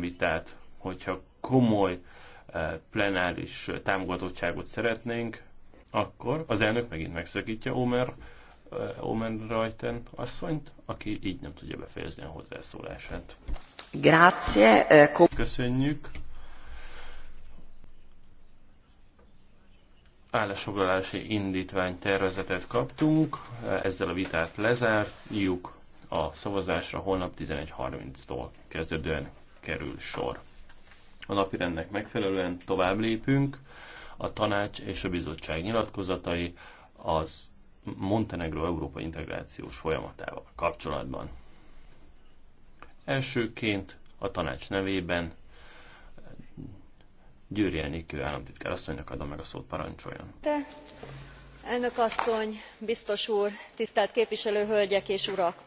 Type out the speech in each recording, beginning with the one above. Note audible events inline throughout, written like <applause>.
vitát, hogyha komoly eh, plenáris támogatottságot szeretnénk, akkor az elnök megint megszakítja Omer, eh, Omen Rajten asszonyt, aki így nem tudja befejezni a hozzászólását. Grazie. Eh, Köszönjük. állásfoglalási indítvány tervezetet kaptunk, ezzel a vitát lezárjuk, a szavazásra holnap 11.30-tól kezdődően kerül sor. A napirendnek megfelelően tovább lépünk. A tanács és a bizottság nyilatkozatai az Montenegro Európa integrációs folyamatával kapcsolatban. Elsőként a tanács nevében Győri Enikő államtitkár asszonynak adom meg a szót, parancsoljon. Te, elnök asszony, biztos úr, tisztelt képviselő hölgyek és urak!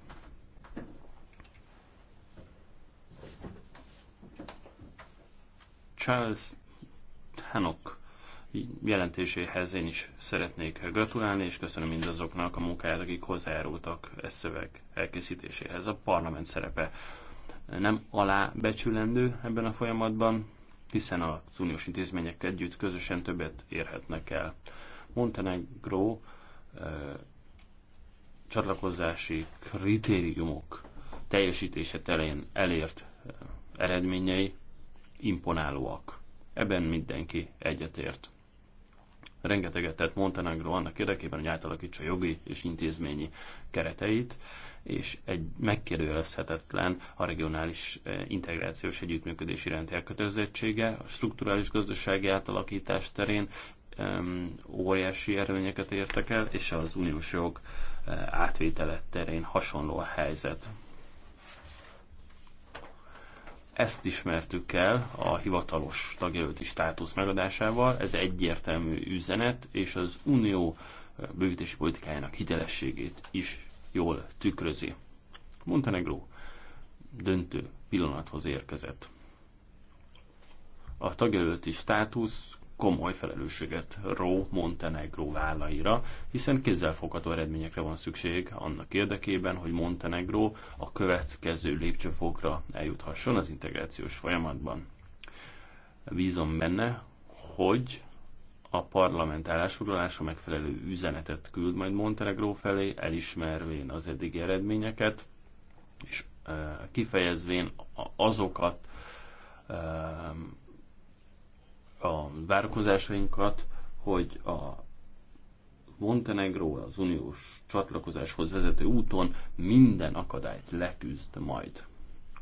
Charles Tannock jelentéséhez én is szeretnék gratulálni, és köszönöm mindazoknak a munkáját, akik hozzájárultak e szöveg elkészítéséhez. A parlament szerepe nem alábecsülendő ebben a folyamatban, hiszen az uniós intézmények együtt közösen többet érhetnek el. Montenegro csatlakozási kritériumok teljesítése telén elért eredményei imponálóak. Ebben mindenki egyetért. Rengeteget tett Montenegro annak érdekében, hogy átalakítsa jogi és intézményi kereteit, és egy megkérdőjelezhetetlen a regionális eh, integrációs együttműködés iránti elkötelezettsége, a strukturális gazdasági átalakítás terén óriási erőnyeket értek el, és az uniós jog eh, átvétele terén hasonló a helyzet. Ezt ismertük el a hivatalos tagjelölti státusz megadásával, ez egyértelmű üzenet, és az unió eh, bővítési politikájának hitelességét is jól tükrözi. Montenegro döntő pillanathoz érkezett. A tagjelölti státusz komoly felelősséget ró Montenegró vállaira, hiszen kézzelfogható eredményekre van szükség annak érdekében, hogy Montenegró a következő lépcsőfokra eljuthasson az integrációs folyamatban. Bízom benne, hogy a parlament állásfoglalása megfelelő üzenetet küld majd Montenegró felé, elismervén az eddigi eredményeket, és kifejezvén azokat a várakozásainkat, hogy a Montenegró az uniós csatlakozáshoz vezető úton minden akadályt leküzd majd.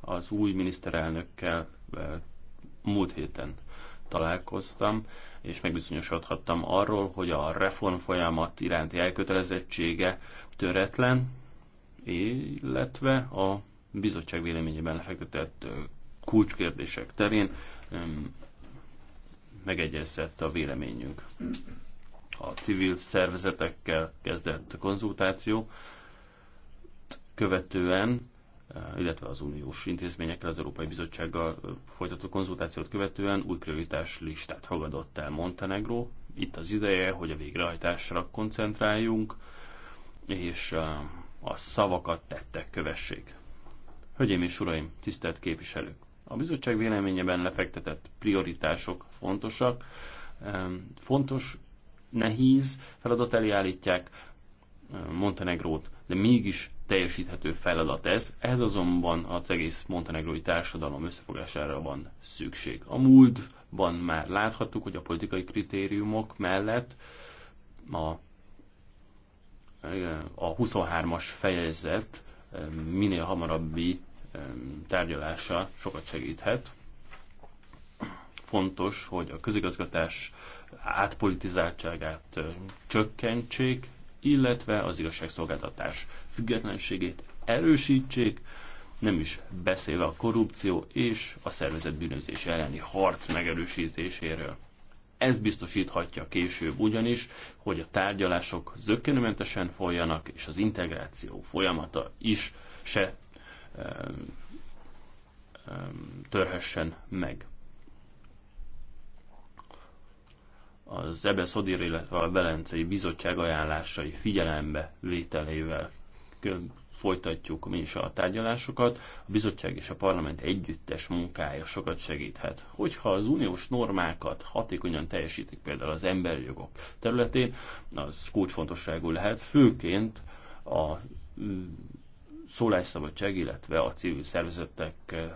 Az új miniszterelnökkel e, múlt héten találkoztam, és megbizonyosodhattam arról, hogy a reform folyamat iránti elkötelezettsége töretlen, illetve a bizottság véleményében lefektetett e, kulcskérdések terén megegyezett a véleményünk. A civil szervezetekkel kezdett a konzultáció, követően, illetve az uniós intézményekkel, az Európai Bizottsággal folytatott konzultációt követően új prioritás listát fogadott el Montenegro. Itt az ideje, hogy a végrehajtásra koncentráljunk, és a szavakat tettek kövessék. Hölgyeim és uraim, tisztelt képviselők! A bizottság véleményeben lefektetett prioritások fontosak, fontos, nehéz feladat elé állítják Montenegrót, de mégis teljesíthető feladat ez. Ez azonban az egész montenegrói társadalom összefogására van szükség. A múltban már láthattuk, hogy a politikai kritériumok mellett a, a 23-as fejezet minél hamarabbi tárgyalása sokat segíthet. Fontos, hogy a közigazgatás átpolitizáltságát csökkentsék, illetve az igazságszolgáltatás függetlenségét erősítsék, nem is beszélve a korrupció és a szervezet bűnözés elleni harc megerősítéséről. Ez biztosíthatja később ugyanis, hogy a tárgyalások zöggenőmentesen folyjanak, és az integráció folyamata is se Um, törhessen meg. Az Ebe Szodir, illetve a Velencei Bizottság ajánlásai figyelembe vételével folytatjuk mi is a tárgyalásokat. A bizottság és a parlament együttes munkája sokat segíthet. Hogyha az uniós normákat hatékonyan teljesítik például az emberi jogok területén, az kulcsfontosságú lehet, főként a szólásszabadság, illetve a civil szervezetek eh,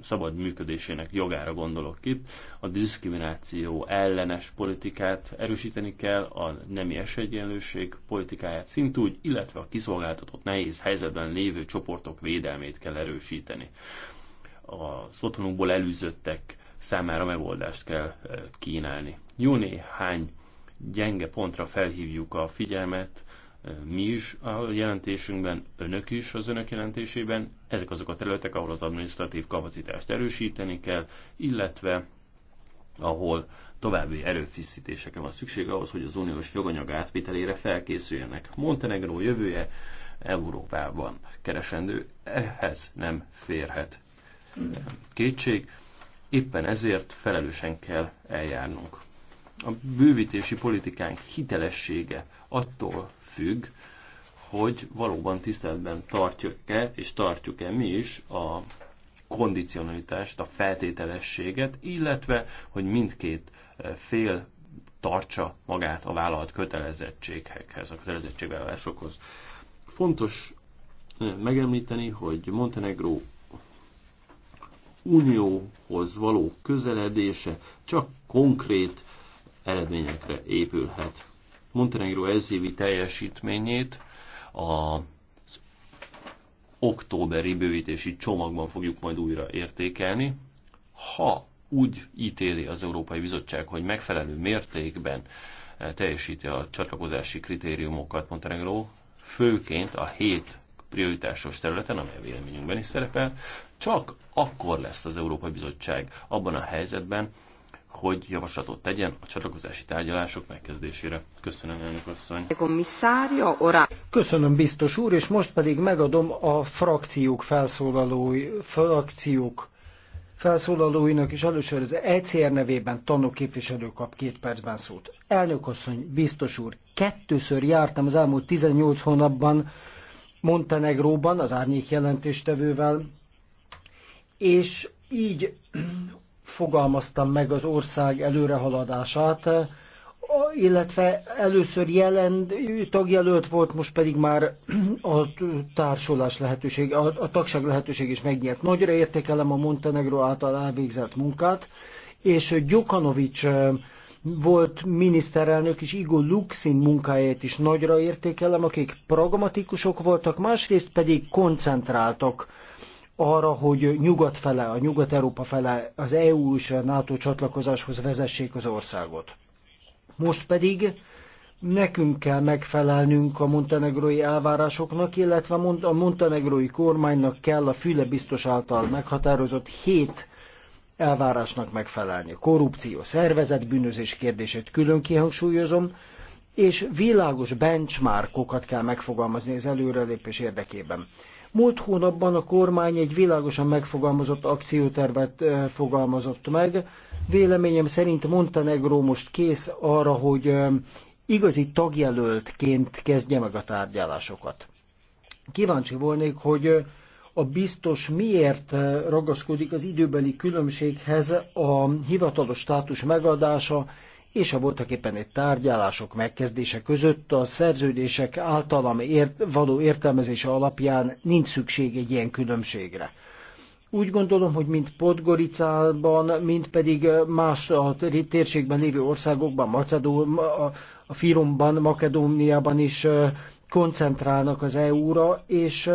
szabad működésének jogára gondolok itt. A diszkrimináció ellenes politikát erősíteni kell, a nemi esélyegyenlőség politikáját szintúgy, illetve a kiszolgáltatott nehéz helyzetben lévő csoportok védelmét kell erősíteni. Az otthonukból elűzöttek számára megoldást kell eh, kínálni. Jó néhány gyenge pontra felhívjuk a figyelmet, mi is a jelentésünkben, önök is az önök jelentésében. Ezek azok a területek, ahol az administratív kapacitást erősíteni kell, illetve ahol további erőfeszítésekre van szükség ahhoz, hogy az uniós joganyag átvitelére felkészüljenek. Montenegró jövője Európában keresendő, ehhez nem férhet kétség. Éppen ezért felelősen kell eljárnunk. A bővítési politikánk hitelessége attól függ, hogy valóban tiszteletben tartjuk-e, és tartjuk-e mi is a kondicionalitást, a feltételességet, illetve, hogy mindkét e, fél tartsa magát a vállalat kötelezettségekhez, a kötelezettségvállalásokhoz. Fontos e, megemlíteni, hogy Montenegró unióhoz való közeledése csak konkrét eredményekre épülhet. Montenegro ez évi teljesítményét a októberi bővítési csomagban fogjuk majd újra értékelni. Ha úgy ítéli az Európai Bizottság, hogy megfelelő mértékben eh, teljesíti a csatlakozási kritériumokat Montenegro, főként a hét prioritásos területen, amely a véleményünkben is szerepel, csak akkor lesz az Európai Bizottság abban a helyzetben, hogy javaslatot tegyen a csatlakozási tárgyalások megkezdésére. Köszönöm, elnök asszony. Köszönöm, biztos úr, és most pedig megadom a frakciók felszólalói, frakciók felszólalóinak, és először az ECR nevében tanú képviselő kap két percben szót. Elnök asszony, biztos úr, kettőször jártam az elmúlt 18 hónapban Montenegróban az árnyék jelentéstevővel, és így fogalmaztam meg az ország előrehaladását, illetve először jelent, tagjelölt volt, most pedig már a társulás lehetőség, a, a tagság lehetőség is megnyert. Nagyra értékelem a Montenegro által elvégzett munkát, és Gyokanovics volt miniszterelnök, és Igor Luxin munkáját is nagyra értékelem, akik pragmatikusok voltak, másrészt pedig koncentráltak arra, hogy nyugat fele, a nyugat-európa fele az EU és a NATO csatlakozáshoz vezessék az országot. Most pedig nekünk kell megfelelnünk a montenegrói elvárásoknak, illetve a montenegrói kormánynak kell a füle biztos által meghatározott hét elvárásnak megfelelni. Korrupció, bűnözés kérdését külön kihangsúlyozom, és világos benchmarkokat kell megfogalmazni az előrelépés érdekében. Múlt hónapban a kormány egy világosan megfogalmazott akciótervet fogalmazott meg. Véleményem szerint Montenegro most kész arra, hogy igazi tagjelöltként kezdje meg a tárgyalásokat. Kíváncsi volnék, hogy a biztos miért ragaszkodik az időbeli különbséghez a hivatalos státus megadása és a voltak éppen egy tárgyalások megkezdése között a szerződések általam ért, való értelmezése alapján nincs szükség egy ilyen különbségre. Úgy gondolom, hogy mint Podgoricában, mint pedig más a térségben lévő országokban, Macedó, a Firomban, Makedóniában is koncentrálnak az EU-ra, és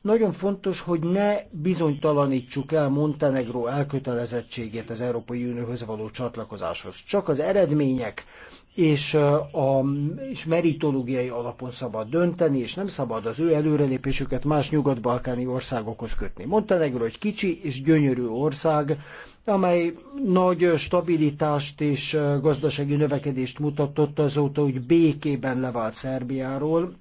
nagyon fontos, hogy ne bizonytalanítsuk el Montenegró elkötelezettségét az Európai Unióhoz való csatlakozáshoz. Csak az eredmények és, a, és meritológiai alapon szabad dönteni, és nem szabad az ő előrelépésüket más nyugat-balkáni országokhoz kötni. Montenegro egy kicsi és gyönyörű ország, amely nagy stabilitást és gazdasági növekedést mutatott azóta, hogy békében levált Szerbiáról,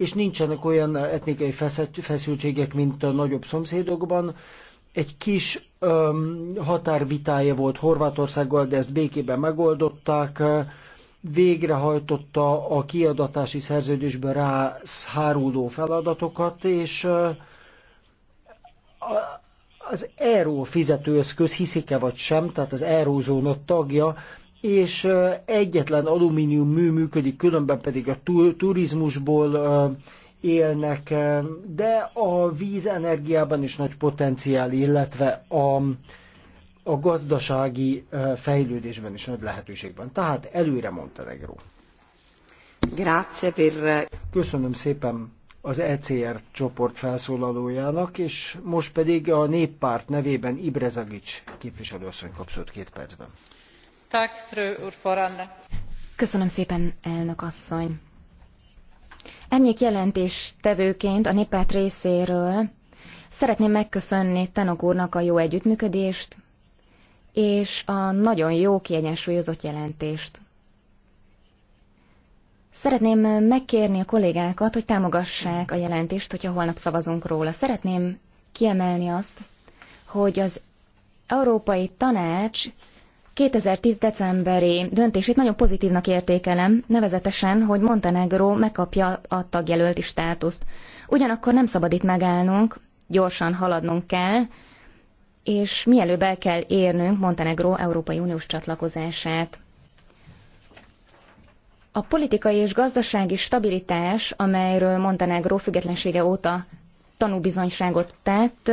és nincsenek olyan etnikai feszültségek, mint a nagyobb szomszédokban. Egy kis öm, határvitája volt Horvátországgal, de ezt békében megoldották. Végrehajtotta a kiadatási szerződésben rá háruló feladatokat, és az euró fizetőeszköz, hiszik-e vagy sem, tehát az eurózóna tagja, és egyetlen alumínium mű működik, különben pedig a turizmusból élnek, de a vízenergiában is nagy potenciál, illetve a, a gazdasági fejlődésben is nagy lehetőség van. Tehát előre Montenegro. Grazie per... Köszönöm szépen az ECR csoport felszólalójának, és most pedig a néppárt nevében Ibrezagics képviselőasszony kapszott két percben. Köszönöm szépen, elnök asszony. Ennyik jelentés tevőként a néppárt részéről szeretném megköszönni Tanok úrnak a jó együttműködést és a nagyon jó kiegyensúlyozott jelentést. Szeretném megkérni a kollégákat, hogy támogassák a jelentést, hogyha holnap szavazunk róla. Szeretném kiemelni azt, hogy az Európai Tanács 2010. decemberi döntését nagyon pozitívnak értékelem, nevezetesen, hogy Montenegro megkapja a tagjelölti státuszt. Ugyanakkor nem szabad itt megállnunk, gyorsan haladnunk kell, és mielőbb el kell érnünk Montenegro Európai Uniós csatlakozását. A politikai és gazdasági stabilitás, amelyről Montenegro függetlensége óta tanúbizonyságot tett,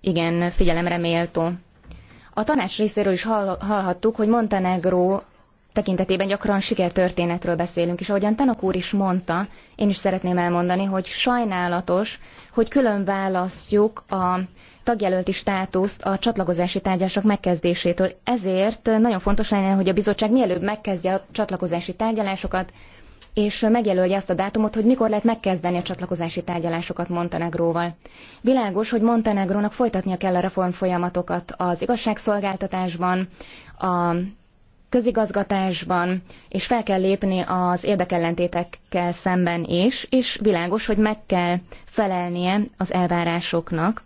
igen figyelemre méltó. A tanács részéről is hall, hallhattuk, hogy Montenegró tekintetében gyakran sikertörténetről beszélünk, és ahogyan Tanok úr is mondta, én is szeretném elmondani, hogy sajnálatos, hogy külön választjuk a tagjelölti státuszt a csatlakozási tárgyalások megkezdésétől. Ezért nagyon fontos lenne, hogy a bizottság mielőbb megkezdje a csatlakozási tárgyalásokat, és megjelölje azt a dátumot, hogy mikor lehet megkezdeni a csatlakozási tárgyalásokat Montenegróval. Világos, hogy Montenegrónak folytatnia kell a reform folyamatokat az igazságszolgáltatásban, a közigazgatásban, és fel kell lépni az érdekellentétekkel szemben is, és világos, hogy meg kell felelnie az elvárásoknak.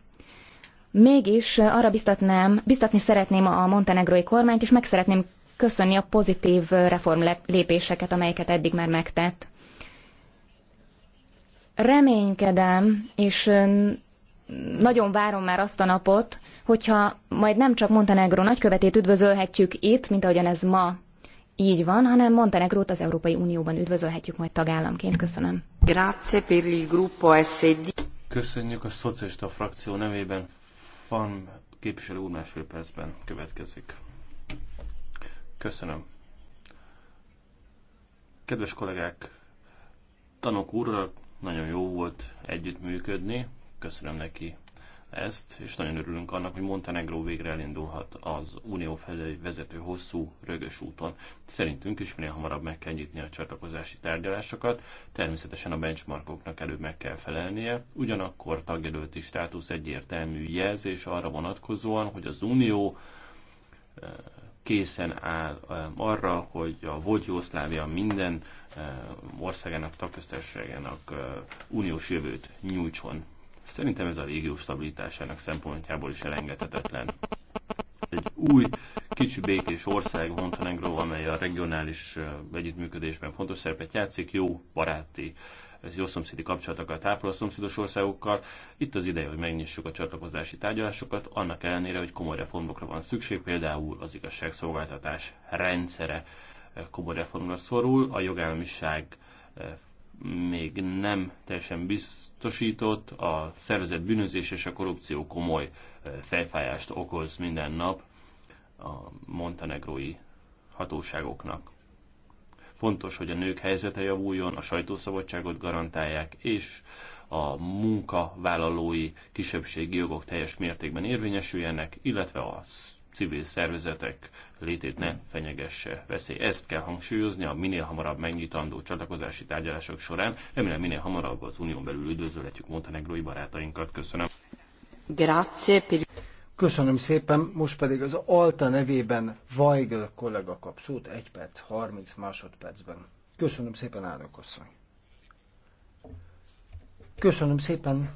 Mégis arra biztatnám, biztatni szeretném a montenegrói kormányt, és meg szeretném köszöni a pozitív reform lépéseket, amelyeket eddig már megtett. Reménykedem, és nagyon várom már azt a napot, hogyha majd nem csak Montenegró nagykövetét üdvözölhetjük itt, mint ahogyan ez ma így van, hanem Montenegrót az Európai Unióban üdvözölhetjük majd tagállamként. Köszönöm. Grazie per il gruppo SD. Köszönjük a szocialista frakció nevében. Van képviselő úr másfél percben következik. Köszönöm. Kedves kollégák, tanok úrral nagyon jó volt együttműködni, köszönöm neki ezt, és nagyon örülünk annak, hogy Montenegro végre elindulhat az unió felé vezető hosszú, rögös úton. Szerintünk is minél hamarabb meg kell nyitni a csatlakozási tárgyalásokat, természetesen a benchmarkoknak előbb meg kell felelnie, ugyanakkor tagjelölti státusz egyértelmű jelzés arra vonatkozóan, hogy az unió eh, készen áll um, arra, hogy a volt Jószlávia minden um, országának, tagköztársaságának um, uniós jövőt nyújtson. Szerintem ez a régió stabilitásának szempontjából is elengedhetetlen egy új, kicsi békés ország, Montenegro, amely a regionális együttműködésben fontos szerepet játszik, jó baráti jó szomszédi kapcsolatokat ápol a szomszédos országokkal. Itt az ideje, hogy megnyissuk a csatlakozási tárgyalásokat, annak ellenére, hogy komoly reformokra van szükség, például az igazságszolgáltatás rendszere komoly reformra szorul, a jogállamiság még nem teljesen biztosított, a szervezett bűnözés és a korrupció komoly fejfájást okoz minden nap a montenegrói hatóságoknak. Fontos, hogy a nők helyzete javuljon, a sajtószabadságot garantálják, és a munkavállalói kisebbségi jogok teljes mértékben érvényesüljenek, illetve az civil szervezetek létét ne fenyegesse veszély. Ezt kell hangsúlyozni a minél hamarabb megnyitandó csatlakozási tárgyalások során. Remélem minél hamarabb az unión belül üdvözölhetjük montenegrói barátainkat. Köszönöm. Grazie. Köszönöm szépen, most pedig az Alta nevében Weigl kollega kap szót 1 perc, 30 másodpercben. Köszönöm szépen, Árok asszony. Köszönöm szépen,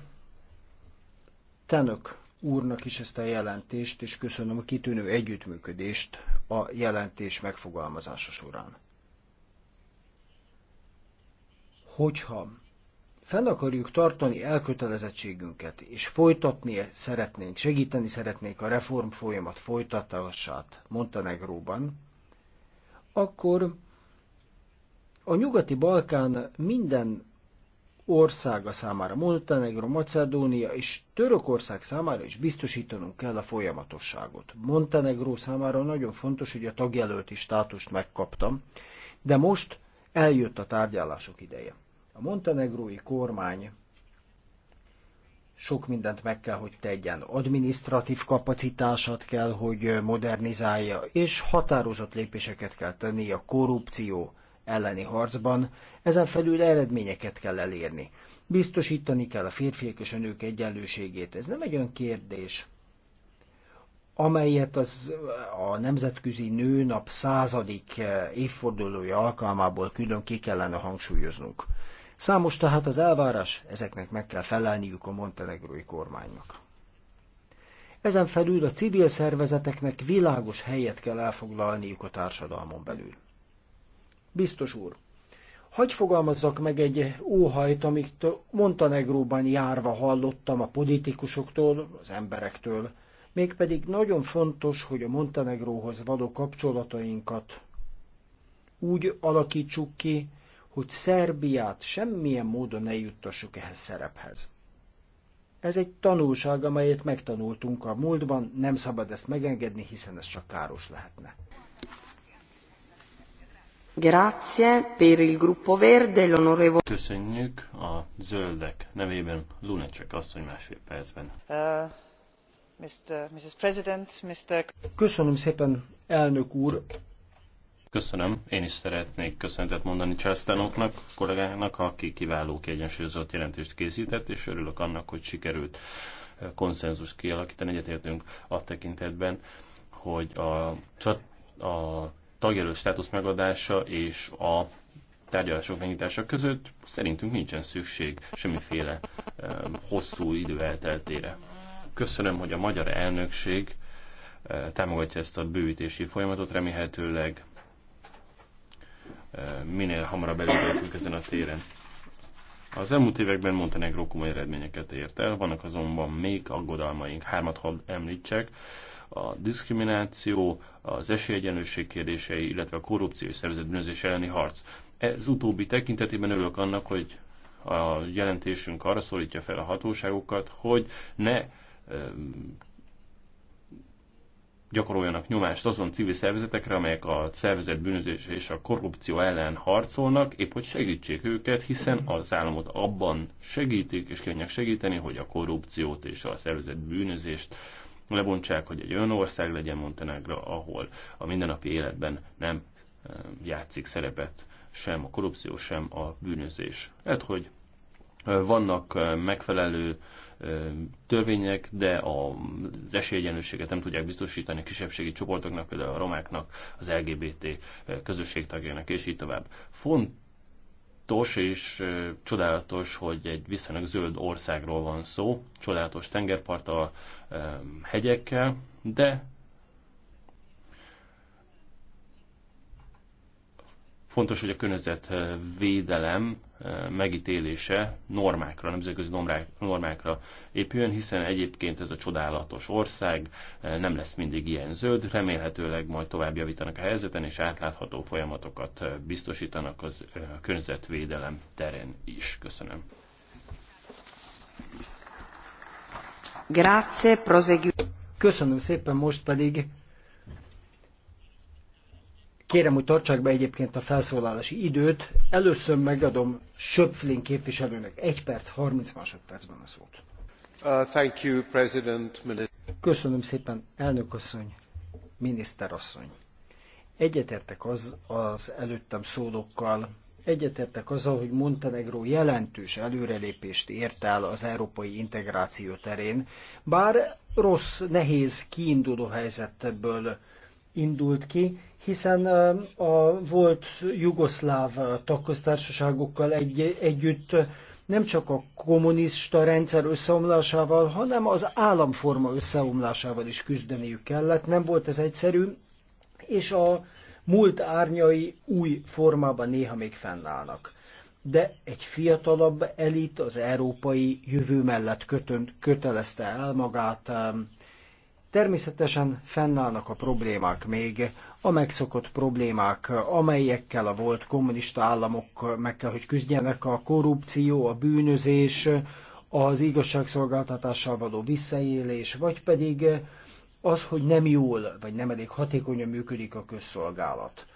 Tenök úrnak is ezt a jelentést, és köszönöm a kitűnő együttműködést a jelentés megfogalmazása során. Hogyha fenn akarjuk tartani elkötelezettségünket, és folytatni szeretnénk, segíteni szeretnénk a reform folyamat folytatását Montenegróban, akkor a nyugati Balkán minden országa számára, Montenegro, Macedónia és Törökország számára is biztosítanunk kell a folyamatosságot. Montenegro számára nagyon fontos, hogy a tagjelölti státust megkaptam, de most eljött a tárgyalások ideje. A montenegrói kormány sok mindent meg kell, hogy tegyen. Administratív kapacitását kell, hogy modernizálja, és határozott lépéseket kell tenni a korrupció elleni harcban, ezen felül eredményeket kell elérni. Biztosítani kell a férfiak és a nők egyenlőségét. Ez nem egy olyan kérdés, amelyet az a Nemzetközi Nőnap századik eh, évfordulója alkalmából külön ki kellene hangsúlyoznunk. Számos tehát az elvárás, ezeknek meg kell felelniük a montenegrói kormánynak. Ezen felül a civil szervezeteknek világos helyet kell elfoglalniuk a társadalmon belül. Biztos úr, hagy fogalmazzak meg egy óhajt, amit Montenegróban járva hallottam a politikusoktól, az emberektől. Mégpedig nagyon fontos, hogy a Montenegróhoz való kapcsolatainkat úgy alakítsuk ki, hogy Szerbiát semmilyen módon ne juttassuk ehhez szerephez. Ez egy tanulság, amelyet megtanultunk a múltban, nem szabad ezt megengedni, hiszen ez csak káros lehetne. Grazie per il gruppo verde, l'onorevole... Köszönjük a zöldek nevében Lunacek asszony másfél percben. Uh, Mr. Mrs. President, Mr. Köszönöm szépen, elnök úr. Köszönöm. Én is szeretnék köszönetet mondani Császtánoknak, kollégának, aki kiváló kiegyensúlyozott jelentést készített, és örülök annak, hogy sikerült eh, konszenzus kialakítani. Egyetértünk a tekintetben, hogy a, a tagjelölt státusz megadása és a tárgyalások megnyitása között szerintünk nincsen szükség semmiféle hosszú idő elteltére. Köszönöm, hogy a magyar elnökség e, támogatja ezt a bővítési folyamatot, remélhetőleg e, minél hamarabb előrehetünk ezen a téren. Az elmúlt években Montenegro komoly eredményeket ért el, vannak azonban még aggodalmaink, hármat hadd említsek. A diszkrimináció, az esélyegyenlőség kérdései, illetve a korrupció és szervezetbűnözés elleni harc. Ez utóbbi tekintetében örülök annak, hogy a jelentésünk arra szólítja fel a hatóságokat, hogy ne gyakoroljanak nyomást azon civil szervezetekre, amelyek a szervezet bűnözés és a korrupció ellen harcolnak, épp hogy segítsék őket, hiszen az államot abban segítik és kívánják segíteni, hogy a korrupciót és a szervezet bűnözést lebontsák, hogy egy olyan ország legyen Montenegra, ahol a mindennapi életben nem eh, játszik szerepet sem a korrupció, sem a bűnözés. Lehet, hogy vannak megfelelő törvények, de az esélyegyenlőséget nem tudják biztosítani a kisebbségi csoportoknak, például a romáknak, az LGBT közösség tagjának, és így tovább. Fontos és csodálatos, hogy egy viszonylag zöld országról van szó, csodálatos a hegyekkel, de fontos, hogy a környezetvédelem megítélése normákra, nemzetközi normákra épüljön, hiszen egyébként ez a csodálatos ország nem lesz mindig ilyen zöld, remélhetőleg majd tovább javítanak a helyzeten, és átlátható folyamatokat biztosítanak az környezetvédelem terén is. Köszönöm. Grazie, prosegui. Köszönöm szépen, most pedig Kérem, hogy tartsák be egyébként a felszólalási időt. Először megadom Söpflin képviselőnek egy perc, 30 másodpercben a szót. Uh, thank you, President. Köszönöm szépen, elnök asszony, miniszter asszony. Egyetértek az, az előttem szólókkal, egyetértek azzal, hogy Montenegró jelentős előrelépést ért el az európai integráció terén, bár rossz, nehéz, kiinduló helyzetből indult ki, hiszen a volt jugoszláv tagköztársaságokkal egy, együtt nem csak a kommunista rendszer összeomlásával, hanem az államforma összeomlásával is küzdeniük kellett. Nem volt ez egyszerű, és a múlt árnyai új formában néha még fennállnak. De egy fiatalabb elit az európai jövő mellett kötön, kötelezte el magát, Természetesen fennállnak a problémák még, a megszokott problémák, amelyekkel a volt kommunista államok meg kell, hogy küzdjenek, a korrupció, a bűnözés, az igazságszolgáltatással való visszaélés, vagy pedig az, hogy nem jól, vagy nem elég hatékonyan működik a közszolgálat.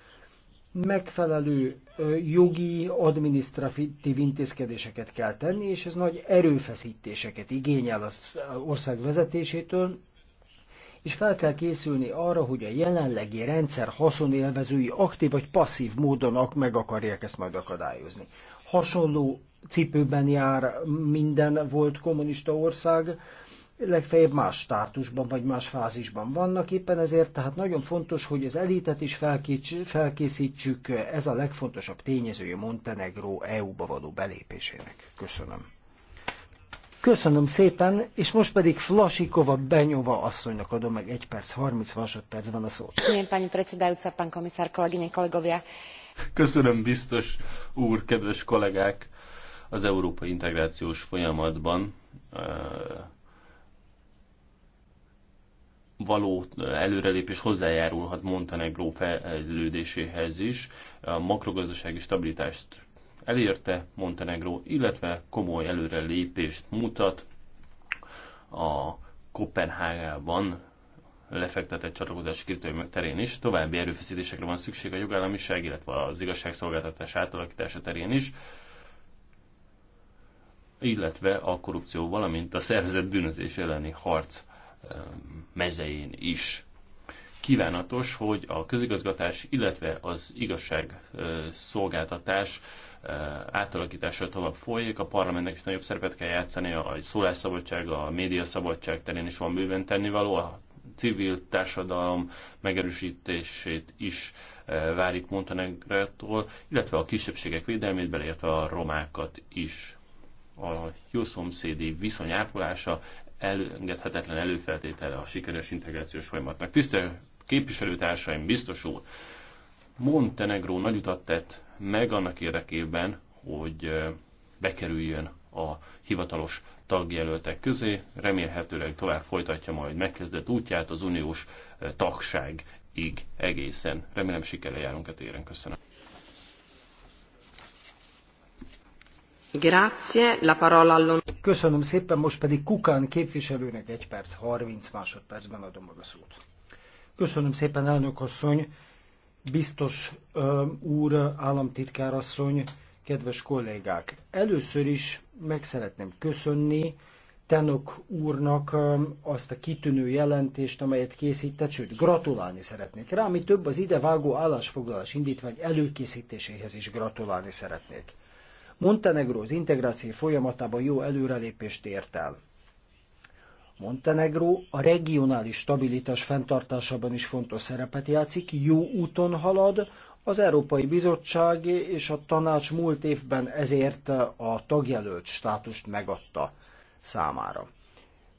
Megfelelő jogi, adminisztratív intézkedéseket kell tenni, és ez nagy erőfeszítéseket igényel az ország vezetésétől, és fel kell készülni arra, hogy a jelenlegi rendszer haszonélvezői aktív vagy passzív módon meg akarják ezt majd akadályozni. Hasonló cipőben jár minden volt kommunista ország, legfeljebb más státusban vagy más fázisban vannak, éppen ezért tehát nagyon fontos, hogy az elitet is felkészítsük, ez a legfontosabb tényezője Montenegró EU-ba való belépésének. Köszönöm. Köszönöm szépen, és most pedig Flasikova Benyova asszonynak adom meg egy perc, 30 van a szót. Pani predsedajúca, pán komisár, kolegyne, kollégovia. Köszönöm, biztos úr, kedves kollégák! Az európai integrációs folyamatban való előrelépés hozzájárulhat Montenegró fejlődéséhez is. A makrogazdasági stabilitást elérte Montenegró, illetve komoly előrelépést mutat a Kopenhágában lefektetett csatlakozási kritériumok terén is. További erőfeszítésekre van szükség a jogállamiság, illetve az igazságszolgáltatás átalakítása terén is, illetve a korrupció, valamint a szervezett bűnözés elleni harc mezején is. Kívánatos, hogy a közigazgatás, illetve az igazságszolgáltatás Eh, átalakítása tovább folyik, a parlamentnek is nagyobb szerepet kell játszani, a szólásszabadság, a médiaszabadság terén is van bőven tennivaló, a civil társadalom megerősítését is eh, várik Montenegrától, illetve a kisebbségek védelmét, beleértve a romákat is. A jó szomszédi viszony ápolása elengedhetetlen előfeltétele a sikeres integrációs folyamatnak. Tisztelt képviselőtársaim, biztos úr! Montenegró nagy utat tett meg annak érdekében, hogy bekerüljön a hivatalos tagjelöltek közé, remélhetőleg tovább folytatja majd megkezdett útját az uniós tagságig egészen. Remélem sikerrel járunk a e téren. Köszönöm. Grazie, la parola Köszönöm szépen, most pedig Kukán képviselőnek egy perc, 30 másodpercben adom meg a szót. Köszönöm szépen, elnök asszony biztos úr, asszony, kedves kollégák! Először is meg szeretném köszönni Tenok úrnak azt a kitűnő jelentést, amelyet készített, sőt, gratulálni szeretnék rá, ami több az idevágó állásfoglalás indítvány előkészítéséhez is gratulálni szeretnék. Montenegro az integráció folyamatában jó előrelépést ért el. Montenegró a regionális stabilitás fenntartásában is fontos szerepet játszik, jó úton halad, az Európai Bizottság és a tanács múlt évben ezért a tagjelölt státust megadta számára.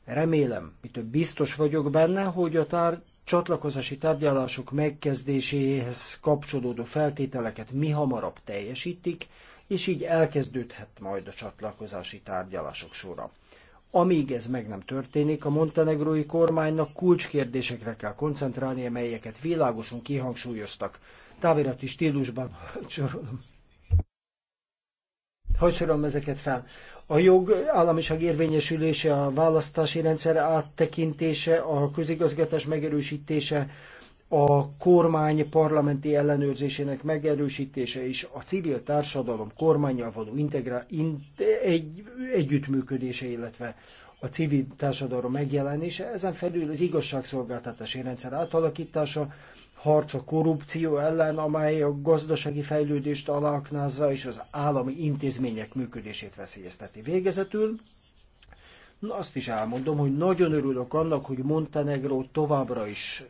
Remélem, mitől biztos vagyok benne, hogy a tár csatlakozási tárgyalások megkezdéséhez kapcsolódó feltételeket mi hamarabb teljesítik, és így elkezdődhet majd a csatlakozási tárgyalások sora. Amíg ez meg nem történik, a montenegrói kormánynak kulcskérdésekre kell koncentrálni, amelyeket világosan kihangsúlyoztak. Távirati stílusban <laughs> sorolom. Hogy sorolom ezeket fel? A jog államiság érvényesülése, a választási rendszer áttekintése, a közigazgatás megerősítése, a kormány parlamenti ellenőrzésének megerősítése és a civil társadalom kormányjal való integra, in, egy, együttműködése, illetve a civil társadalom megjelenése, ezen felül az igazságszolgáltatási rendszer átalakítása, harc a korrupció ellen, amely a gazdasági fejlődést aláknázza és az állami intézmények működését veszélyezteti. Végezetül azt is elmondom, hogy nagyon örülök annak, hogy Montenegro továbbra is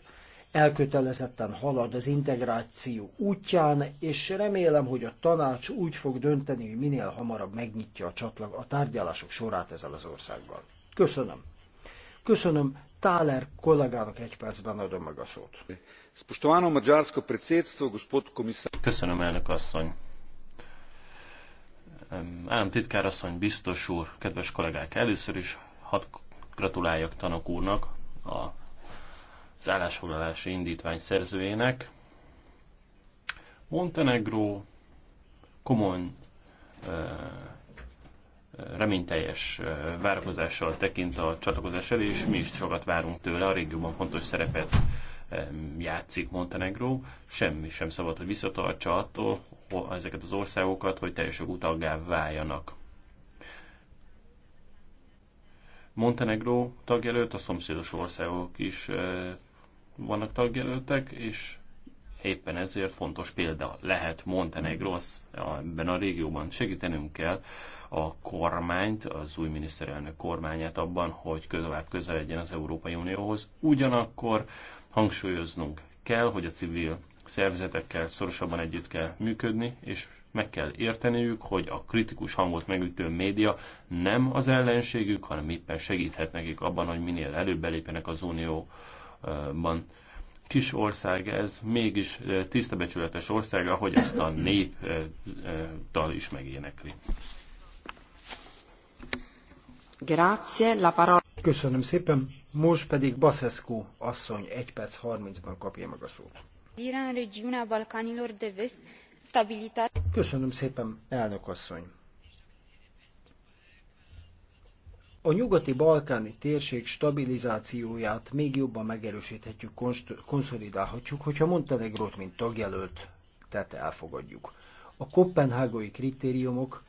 elkötelezetten halad az integráció útján, és remélem, hogy a tanács úgy fog dönteni, hogy minél hamarabb megnyitja a, csatlag, a tárgyalások sorát ezzel az országgal. Köszönöm. Köszönöm. Táler kollégának egy percben adom meg a szót. Köszönöm, elnök asszony. Államtitkár asszony, biztos úr, kedves kollégák, először is hadd gratuláljak tanok úrnak a az állásfoglalási indítvány szerzőjének. Montenegro komoly reményteljes várakozással tekint a csatlakozás elé, és mi is sokat várunk tőle. A régióban fontos szerepet játszik Montenegró, semmi sem szabad, hogy visszatartsa attól hogy ezeket az országokat, hogy teljes utaggá váljanak. Montenegró tagjelölt, a szomszédos országok is vannak tagjelöltek, és éppen ezért fontos példa lehet Montenegro ebben a régióban. Segítenünk kell a kormányt, az új miniszterelnök kormányát abban, hogy tovább közeledjen az Európai Unióhoz. Ugyanakkor hangsúlyoznunk kell, hogy a civil szervezetekkel szorosabban együtt kell működni, és meg kell érteniük, hogy a kritikus hangot megütő média nem az ellenségük, hanem éppen segíthet nekik abban, hogy minél előbb belépjenek az unió Európában. Kis ország ez, mégis tisztabecsületes ország, ahogy ezt a nép dal is megénekli. Grazie, la parola. Köszönöm szépen, most pedig Baszeszkó asszony 1 perc 30-ban kapja meg a szót. Köszönöm szépen, elnök asszony. A nyugati-balkáni térség stabilizációját még jobban megerősíthetjük, konszolidálhatjuk, hogyha Montenegrót, mint tagjelölt, tehát elfogadjuk. A kopenhágai kritériumok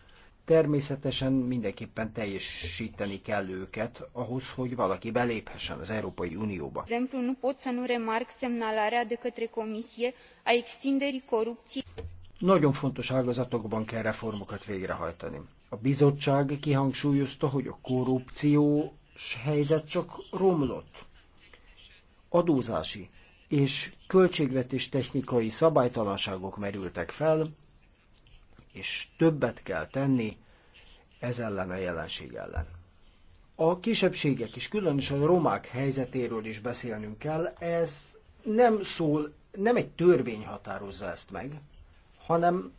természetesen mindenképpen teljesíteni kell őket ahhoz, hogy valaki beléphessen az Európai Unióba. a Nagyon fontos ágazatokban kell reformokat végrehajtani. A bizottság kihangsúlyozta, hogy a korrupciós helyzet csak romlott. Adózási és költségvetés technikai szabálytalanságok merültek fel, és többet kell tenni ez ellen a jelenség ellen. A kisebbségek is, különösen a romák helyzetéről is beszélnünk kell. Ez nem szól, nem egy törvény határozza ezt meg, hanem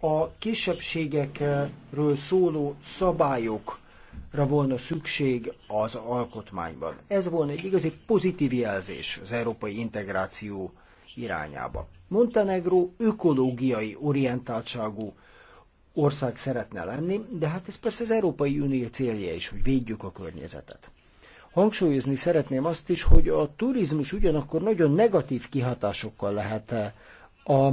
a kisebbségekről szóló szabályokra volna szükség az alkotmányban. Ez volna egy igazi pozitív jelzés az európai integráció irányába. Montenegro ökológiai orientáltságú ország szeretne lenni, de hát ez persze az Európai Unió célja is, hogy védjük a környezetet. Hangsúlyozni szeretném azt is, hogy a turizmus ugyanakkor nagyon negatív kihatásokkal lehet eh, a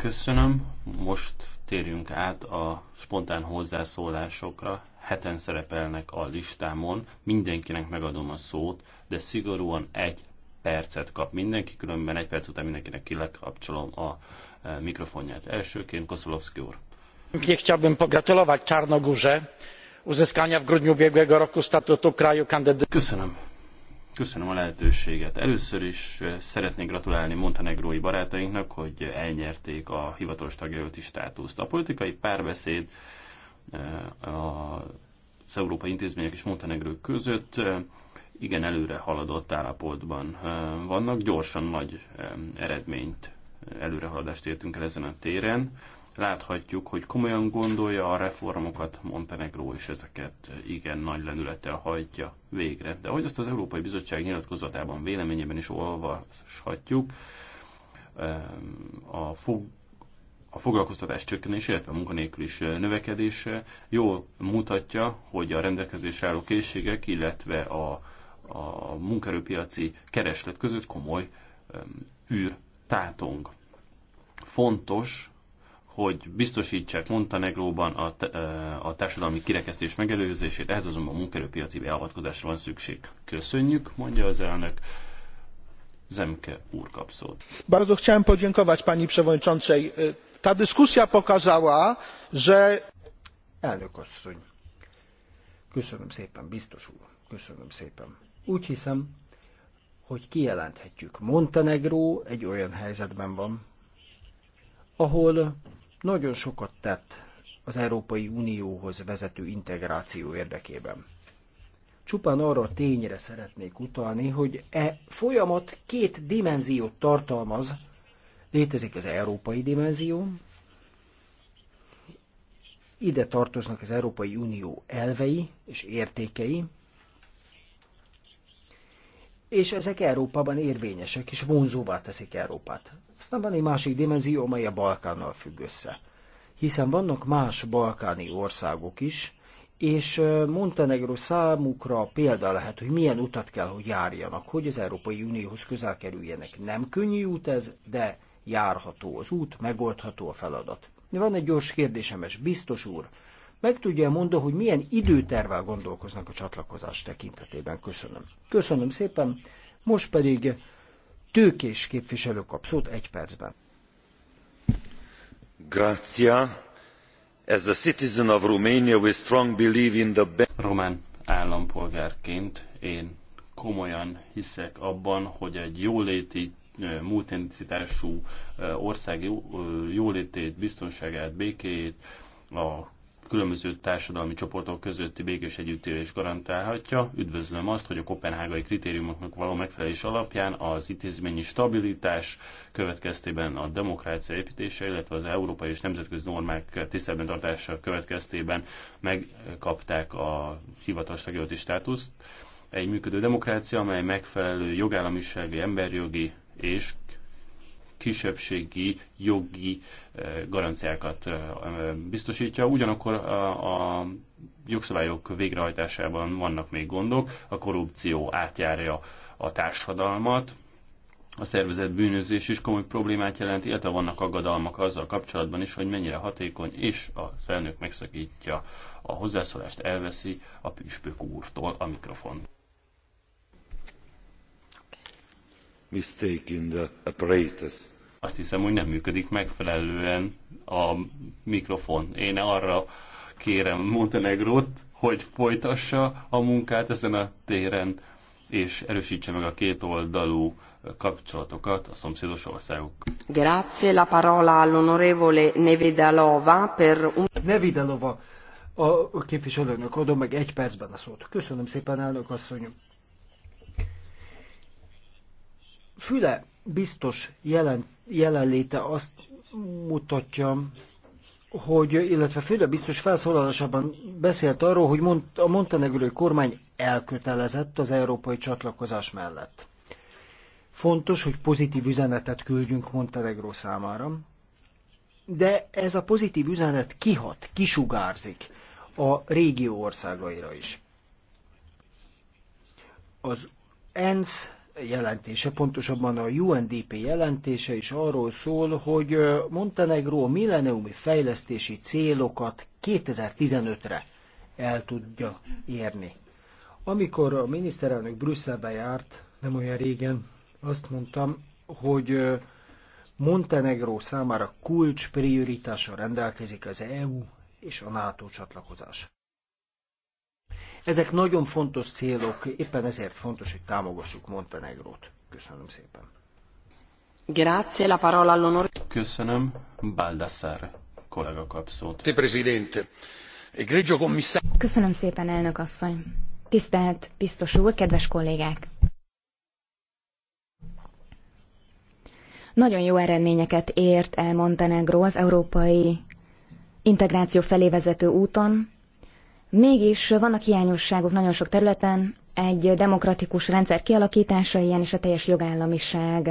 Köszönöm, most térjünk át a spontán hozzászólásokra. Heten szerepelnek a listámon, mindenkinek megadom a szót, de szigorúan egy percet kap mindenki, különben egy perc után mindenkinek kilekapcsolom a e, mikrofonját. Elsőként Koszolowski úr. Chciałbym pogratulować Czarnogórze uzyskania w grudniu ubiegłego roku statutu kraju kandydatów. Köszönöm Köszönöm a lehetőséget. Először is eh, szeretnék gratulálni montenegrói barátainknak, hogy elnyerték a hivatalos tagjelölti státuszt. A politikai párbeszéd eh, az európai intézmények és Montenegró között eh, igen előre haladott állapotban vannak. Gyorsan nagy eredményt, előrehaladást értünk el ezen a téren. Láthatjuk, hogy komolyan gondolja a reformokat, Montenegró és ezeket igen nagy lendülettel hajtja végre. De ahogy azt az Európai Bizottság nyilatkozatában, véleményében is olvashatjuk, ehm, a fog a foglalkoztatás csökkenése, illetve a munkanélkülis növekedése jól mutatja, hogy a rendelkezésre álló készségek, illetve a, a munkerőpiaci kereslet között komoly ehm, űr tátong. Fontos hogy biztosítsák Montenegróban a, a társadalmi kirekesztés megelőzését, ehhez azonban a munkerőpiaci beavatkozásra van szükség. Köszönjük, mondja az elnök. Zemke úr kap szót. Bardzo chciałem podziękować pani przewodniczącej. Ta dyskusja pokazała, że... Elnök asszony. Köszönöm szépen, biztos úr. Köszönöm szépen. Úgy hiszem, hogy kijelenthetjük. Montenegró egy olyan helyzetben van, ahol nagyon sokat tett az Európai Unióhoz vezető integráció érdekében. Csupán arra a tényre szeretnék utalni, hogy e folyamat két dimenziót tartalmaz. Létezik az európai dimenzió, ide tartoznak az Európai Unió elvei és értékei, és ezek Európában érvényesek, és vonzóvá teszik Európát. Aztán van egy másik dimenzió, amely a Balkánnal függ össze. Hiszen vannak más balkáni országok is, és Montenegro számukra példa lehet, hogy milyen utat kell, hogy járjanak, hogy az Európai Unióhoz közel kerüljenek. Nem könnyű út ez, de járható az út, megoldható a feladat. Van egy gyors kérdésem, és biztos úr, meg tudja mondani, hogy milyen időtervel gondolkoznak a csatlakozás tekintetében. Köszönöm. Köszönöm szépen. Most pedig tőkés képviselő kap szót egy percben. Grazia. As a citizen of Romania, we strong believe in the... Román állampolgárként én komolyan hiszek abban, hogy egy jóléti multinicitású ország jólétét, biztonságát, békéjét, a különböző társadalmi csoportok közötti békés együttélés garantálhatja. Üdvözlöm azt, hogy a kopenhágai kritériumoknak való megfelelés alapján az intézményi stabilitás következtében a demokrácia építése, illetve az európai és nemzetközi normák tiszteletben tartása következtében megkapták a hivatalos tagjelölti státuszt. Egy működő demokrácia, amely megfelelő jogállamisági, emberjogi és kisebbségi jogi eh, garanciákat eh, biztosítja. Ugyanakkor a, a jogszabályok végrehajtásában vannak még gondok, a korrupció átjárja a társadalmat, a szervezet bűnözés is komoly problémát jelent, illetve vannak aggodalmak azzal kapcsolatban is, hogy mennyire hatékony, és a felnök megszakítja a hozzászólást, elveszi a püspök úrtól a mikrofont. mistake in the apparatus. Azt hiszem, hogy nem működik megfelelően a mikrofon. Én arra kérem Montenegrót, hogy folytassa a munkát ezen a téren, és erősítse meg a két oldalú kapcsolatokat a szomszédos országok. Grazie la parola all'onorevole Nevedalova per un... Nevedalova a képviselőnök adom meg egy percben a szót. Köszönöm szépen, elnök asszonyom. Füle biztos jelen, jelenléte azt mutatja, hogy, illetve Füle biztos felszólalásában beszélt arról, hogy a montenegrói kormány elkötelezett az európai csatlakozás mellett. Fontos, hogy pozitív üzenetet küldjünk Montenegró számára, de ez a pozitív üzenet kihat, kisugárzik a régió országaira is. Az ENSZ jelentése, pontosabban a UNDP jelentése is arról szól, hogy Montenegró a milleniumi fejlesztési célokat 2015-re el tudja érni. Amikor a miniszterelnök Brüsszelbe járt, nem olyan régen, azt mondtam, hogy Montenegró számára kulcs prioritással rendelkezik az EU és a NATO csatlakozás. Ezek nagyon fontos célok, éppen ezért fontos, hogy támogassuk Montenegrót. Köszönöm szépen. Grazie, la parola all'onore. Köszönöm, Baldassar kollega kap szót. E Köszönöm szépen, elnök asszony. Tisztelt biztos úr, kedves kollégák! Nagyon jó eredményeket ért el Montenegro az európai integráció felé vezető úton, Mégis vannak hiányosságok nagyon sok területen, egy demokratikus rendszer kialakítása, ilyen is a teljes jogállamiság.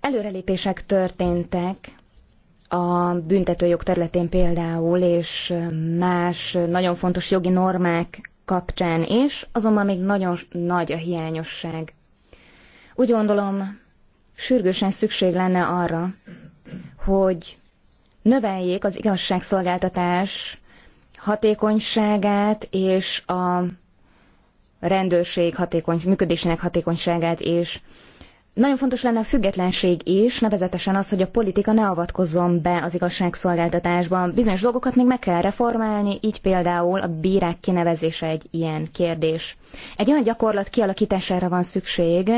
Előrelépések történtek a büntetőjog területén például, és más nagyon fontos jogi normák kapcsán is, azonban még nagyon nagy a hiányosság. Úgy gondolom, sürgősen szükség lenne arra, hogy növeljék az igazságszolgáltatás hatékonyságát és a rendőrség hatékony, működésének hatékonyságát és nagyon fontos lenne a függetlenség is, nevezetesen az, hogy a politika ne avatkozzon be az igazságszolgáltatásban. Bizonyos dolgokat még meg kell reformálni, így például a bírák kinevezése egy ilyen kérdés. Egy olyan gyakorlat kialakítására van szükség,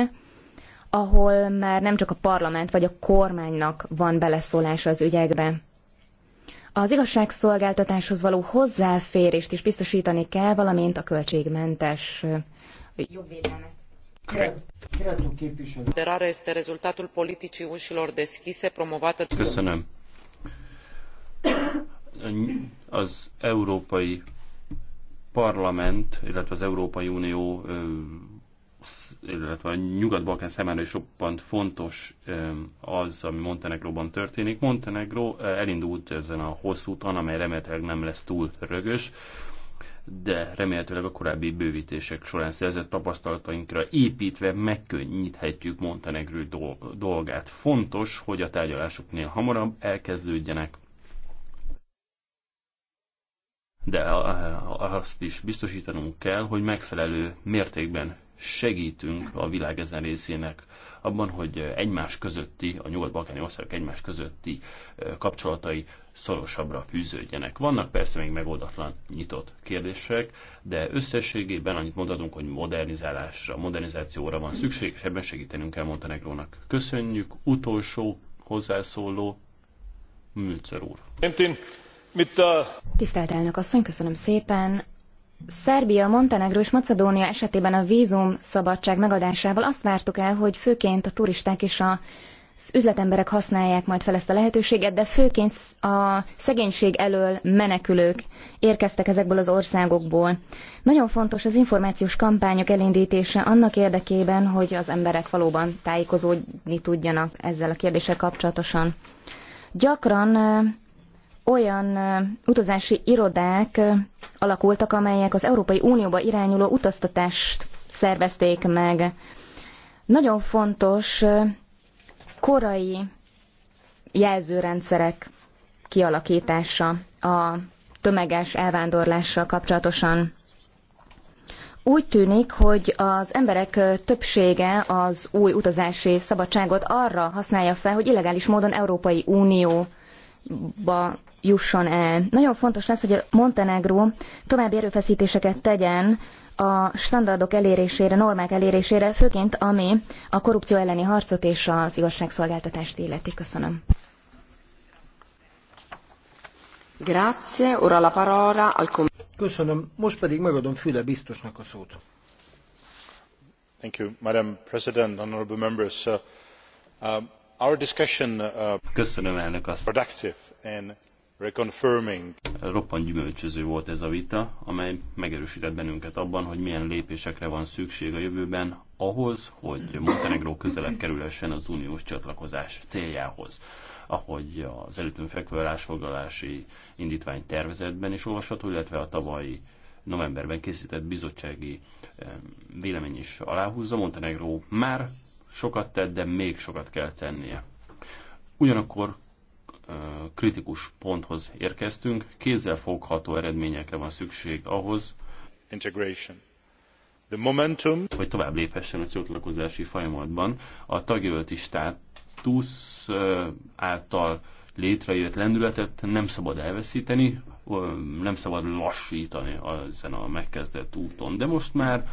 ahol már nem csak a parlament vagy a kormánynak van beleszólása az ügyekbe. Az igazságszolgáltatáshoz való hozzáférést is biztosítani kell, valamint a költségmentes jogvédelmet. Köszönöm. Az Európai Parlament, illetve az Európai Unió illetve a Nyugat-Balkán számára is roppant fontos az, ami Montenegróban történik. Montenegró elindult ezen a hosszú úton, amely remélhetőleg nem lesz túl rögös, de remélhetőleg a korábbi bővítések során szerzett tapasztalatainkra építve megkönnyíthetjük Montenegró dolgát. Fontos, hogy a tárgyalásoknél hamarabb elkezdődjenek, de azt is biztosítanunk kell, hogy megfelelő mértékben segítünk a világ ezen részének abban, hogy egymás közötti, a nyugat-balkáni országok egymás közötti kapcsolatai szorosabbra fűződjenek. Vannak persze még megoldatlan nyitott kérdések, de összességében annyit mondhatunk, hogy modernizálásra, modernizációra van szükség, és ebben segítenünk kell Montenegrónak. Köszönjük, utolsó hozzászóló Műtszer úr. Uh, Tisztelt elnök asszony, köszönöm szépen. Szerbia, Montenegró és Macedónia esetében a vízum szabadság megadásával azt vártuk el, hogy főként a turisták és a az üzletemberek használják majd fel ezt a lehetőséget, de főként a szegénység elől menekülők érkeztek ezekből az országokból. Nagyon fontos az információs kampányok elindítése annak érdekében, hogy az emberek valóban tájékozódni tudjanak ezzel a kérdéssel kapcsolatosan. Gyakran eh, olyan utazási irodák alakultak, amelyek az Európai Unióba irányuló utaztatást szervezték meg. Nagyon fontos korai jelzőrendszerek kialakítása a tömeges elvándorlással kapcsolatosan. Úgy tűnik, hogy az emberek többsége az új utazási szabadságot arra használja fel, hogy illegális módon Európai Unió ba jusson el. Nagyon fontos lesz, hogy a Montenegró további erőfeszítéseket tegyen a standardok elérésére, normák elérésére, főként ami a korrupció elleni harcot és az igazságszolgáltatást illeti. Köszönöm. Grazie, ora la parola al Köszönöm, most pedig megadom Füle biztosnak a szót. Thank you, Madam President, honorable members. Uh, uh, our discussion uh, Köszönöm, elnök azt. productive in reconfirming. Roppant gyümölcsöző volt ez a vita, amely megerőstett bennünket abban, hogy milyen lépésekre van szükség a jövőben ahhoz, hogy Montenegró közelebb kerülhessen az uniós csatlakozás céljához ahogy az előttünk fekvő állásfoglalási indítvány tervezetben is olvasható, illetve a tavalyi novemberben készített bizottsági vélemény is aláhúzza. Montenegró már sokat tett, de még sokat kell tennie. Ugyanakkor kritikus ponthoz érkeztünk, kézzel fogható eredményekre van szükség ahhoz, Integration. The momentum. hogy tovább léphessen a csatlakozási folyamatban. A tagjelölti státusz által létrejött lendületet nem szabad elveszíteni, nem szabad lassítani ezen a megkezdett úton. De most már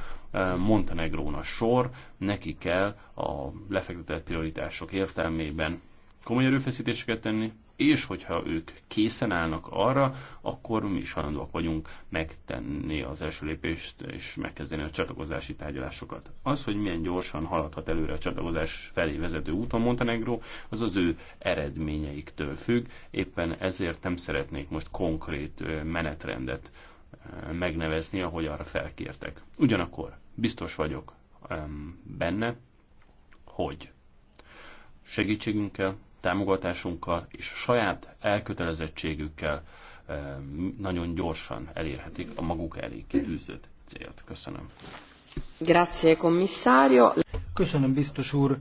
Montenegrón a sor, neki kell a lefektetett prioritások értelmében komoly erőfeszítéseket tenni, és hogyha ők készen állnak arra, akkor mi is hajlandóak vagyunk megtenni az első lépést és megkezdeni a csatlakozási tárgyalásokat. Az, hogy milyen gyorsan haladhat előre a csatlakozás felé vezető úton Montenegro, az az ő eredményeiktől függ, éppen ezért nem szeretnék most konkrét menetrendet megnevezni, ahogy arra felkértek. Ugyanakkor biztos vagyok benne, hogy segítségünkkel, támogatásunkkal és a saját elkötelezettségükkel nagyon gyorsan elérhetik a maguk elé kitűzött célt. Köszönöm. Grazie, commissario. Köszönöm, biztos úr.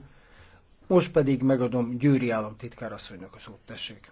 Most pedig megadom Győri államtitkár asszonynak a szót, tessék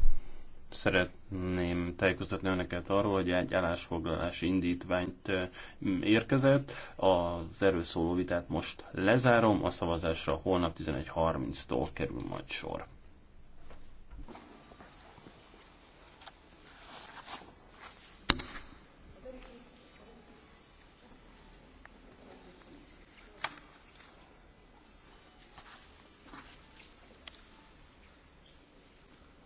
szeretném tájékoztatni önöket arról, hogy egy állásfoglalási indítványt érkezett. Az erről szóló vitát most lezárom, a szavazásra holnap 11.30-tól kerül majd sor.